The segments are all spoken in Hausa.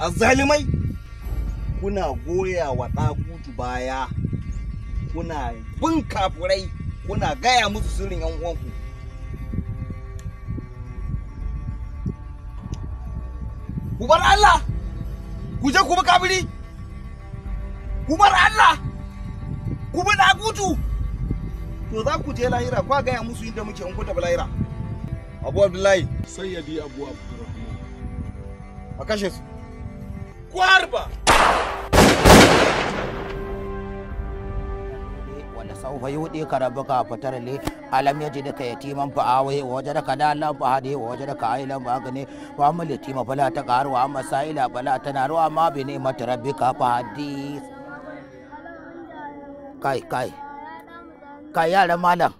azzalimai kuna goya wa ɗagutu baya kuna bin kafurai kuna gaya musu sirrin yan uwanku ku bar Allah ku je ku bi kabiri ku bar Allah ku bi ɗagutu to za ku je lahira kwa gaya musu inda muke in ku tafi lahira abu abdullahi bi abu abdurrahman a kashe su kwarba wanda sau fa yi hudu kara ka fitar le alam ya ji da ka yatiman fa awa yi waje da ka da alam fa hadi waje da ka ayi lam ba gane fa mu yatima fala ta karuwa masaila fala ta naruwa ma bi ne mata rabbika fa hadi kai kai kai yara malam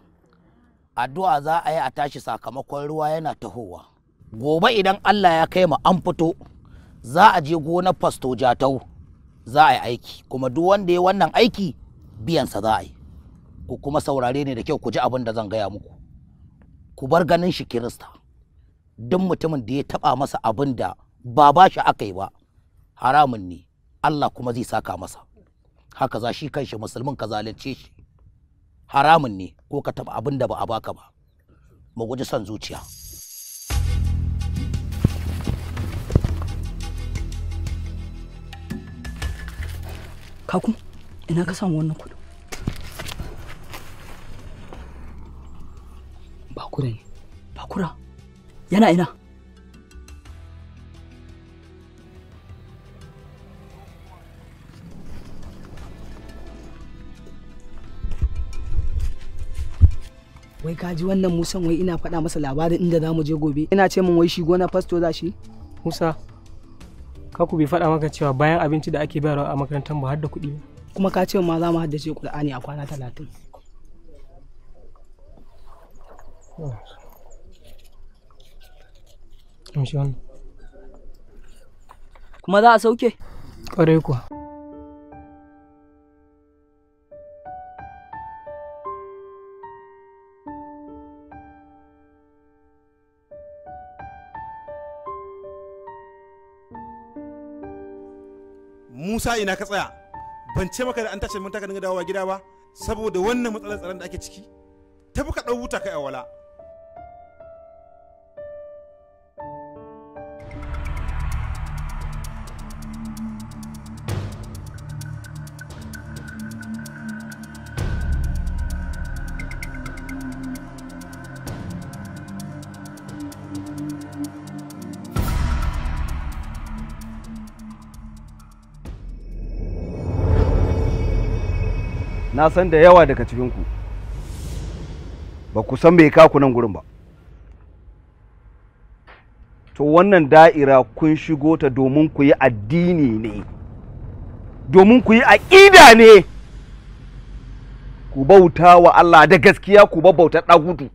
addu'a za a yi a tashi sakamakon ruwa yana tahowa gobe idan allah ya kai mu an fito za a je gonar fasto jatau za a yi aiki kuma duk wanda ya wannan aiki biyansa za a yi ku kuma saurare ne da kyau ku ji abin da zan gaya muku ku bar ganin shi kirista duk mutumin da ya taba masa abin da ba ba shi aka yi ba haramun ne Allah kuma zai saka masa haka za shi kanshi musulmin ka zalunce shi haramun ne ko ka taba abin da ba a baka ba mu guji son zuciya kaku ina ka samu wannan kuɗin bakura ne bakura yana ina wai kaji wannan musan wai ina faɗa masa labarin inda za mu je gobe ina ce min wai shi gona fasto za shi musa kaku bai faɗa maka cewa bayan abinci da ake bayarwa a makarantar ba har da kuɗi kuma ka ce ma za mu haddace kur'ani a kwana talatin kuma za a sauke ƙwarai kuwa musa ina ka tsaya ban ce maka da an tashi mun taka dinga dawowa gida ba saboda wannan matsalar tsaron da ake ciki tafi ka ɗau wuta ka yawala na san da yawa daga cikinku ba ku san mai kaku nan gurin ba to wannan da'ira kun shigo ta domin ku yi addini ne domin ku yi aƙida ne ku bauta wa Allah da gaskiya ku bauta ɗagudu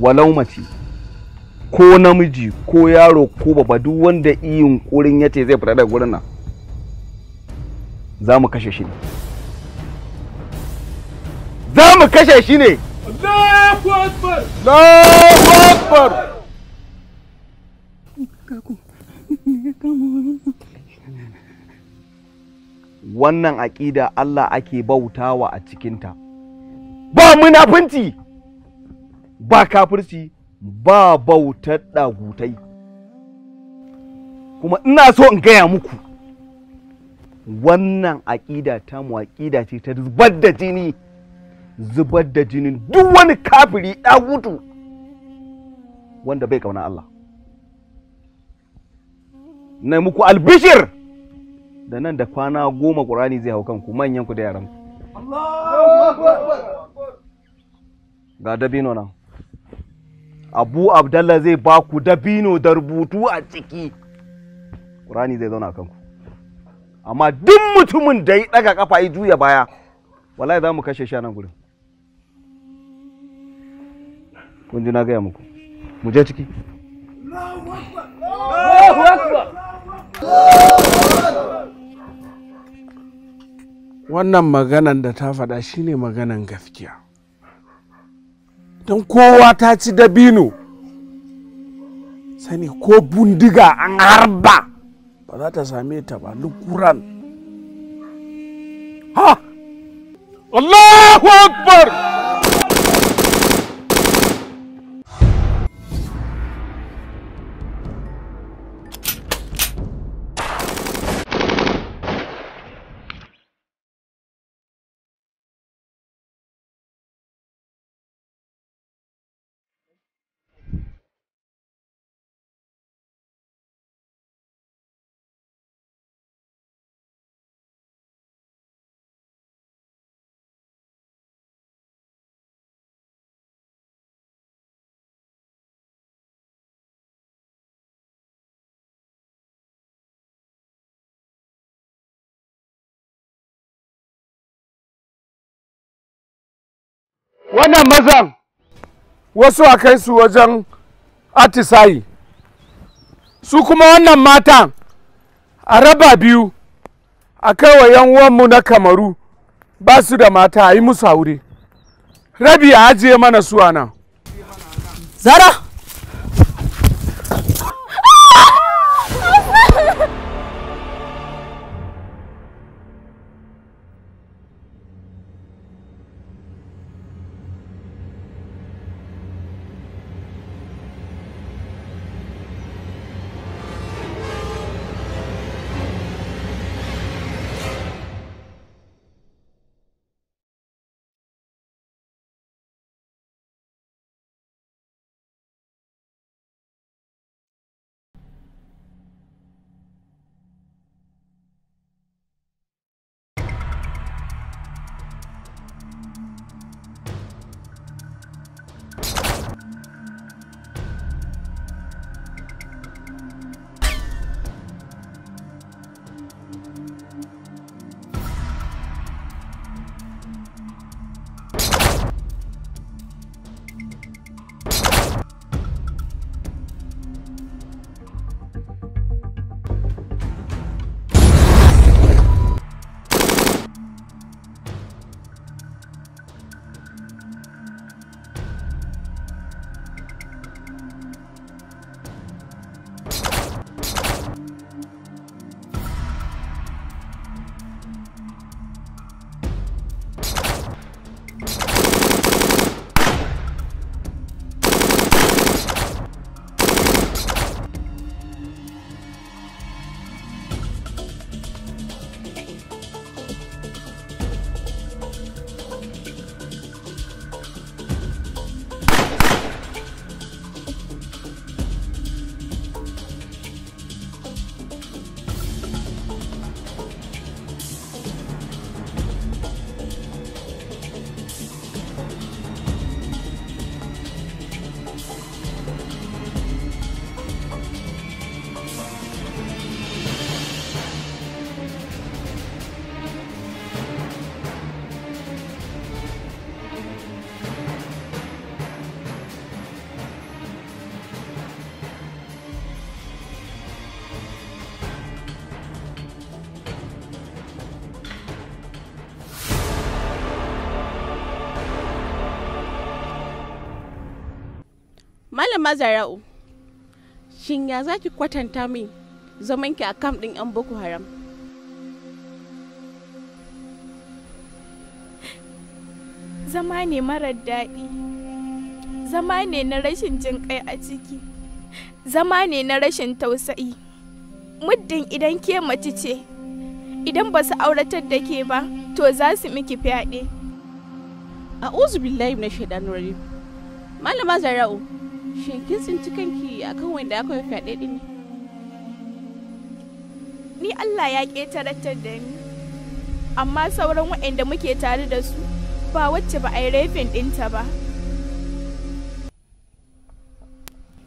walau mace ko namiji ko yaro ko baba duk wanda iyin ƙurin ya ce zai fita daga gurin nan za mu kashe shi ne za mu kashe shi ne wannan aƙida Allah ake bautawa a cikinta ba munafunci ba kafirci ba bautar ɗagutai kuma ina so in gaya muku wannan aƙida ta mu aƙida ce ta zubar da jini zubar da jinin duk wani kafiri ɗagutu wanda bai kauna Allah na muku albishir da nan da kwana goma ƙurani zai hau kanku manyan ku da yaran ga dabino nan abu abdallah zai ba ku dabino da rubutu a ciki ƙurani zai zauna kanku amma duk mutumin da ya daga kafa ya juya baya wallahi za mu kashe shi a nan gurin kun ji na gaya muku mu je ciki wannan maganan da ta faɗa shine maganan gaskiya don kowa ta ci dabino sani ko bundiga an harba ba za ta same ta ba lukuran ha Allahu Akbar! wannan mazan wasu a kai su wajen atisayi su kuma wannan matan a raba biyu a kai wa 'yan na kamaru ba su da mata a yi musu aure rabi a ajiye mana su a nan zara malama zara'u shin ya za ki kwatanta min zamanki a kam ɗin 'yan boko haram zama ne marar daɗi zama ne na rashin jin kai a ciki zama ne na rashin tausayi muddin idan ke mace ce idan ba su auratar da ke ba to za su miki fyaɗe a uzu billahi na shaidan malama zara'u Shin kin tsinci kanki akan wanda aka yi fyaɗe ɗin Ni Allah ya ƙetaratar da ni, amma sauran waɗanda muke tare da su ba wacce ba a yi rafin ɗinta ba.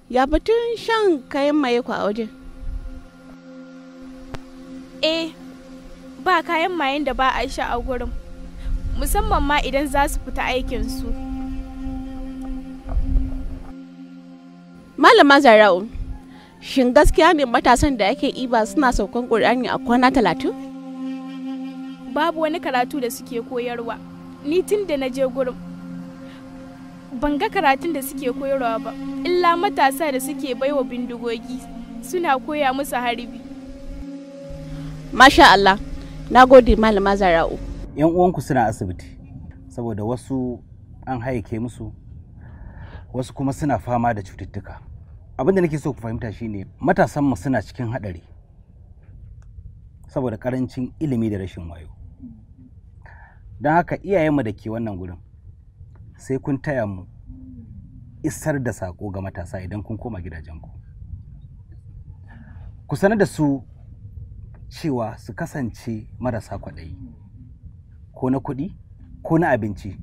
Ya batun shan kayan maye ku a wajen? Eh, ba kayan mayen da ba a sha a gurin, musamman ma idan za su fita aikinsu. su. malama zara'u shin gaskiya ne matasan da ake iba suna saukan ƙur'ani a kwana talatin babu wani karatu da suke koyarwa ni tun da na je gurin ban ga karatun da suke koyarwa ba illa matasa da suke baiwa bindigogi suna koya musu harbi masha Allah na gode malama zara'u yan uwanku suna asibiti saboda wasu an haike musu wasu kuma suna fama da cututtuka abin da nake so ku fahimta shine matasanmu suna cikin hadari saboda karancin ilimi da rashin wayo don haka iyayenmu da ke wannan gurin sai kun taya mu isar da sako ga matasa idan kun koma gidajenku ku sanar da su cewa su kasance marasa kwaɗayi ko na kuɗi ko na abinci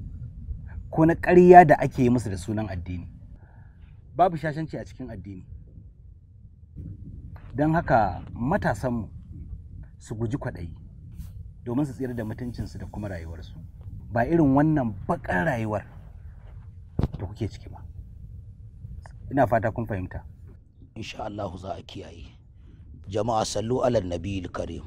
ko na ƙarya da ake yi musu da sunan addini babu shashanci a cikin addini don haka matasanmu su guji kwaɗayi domin su tsira da mutuncinsu da kuma rayuwarsu ba irin wannan baƙar rayuwar da kuke ciki ba ina fata kun fahimta insha Allah za a kiyaye jama'a sallu alal nabiyil karim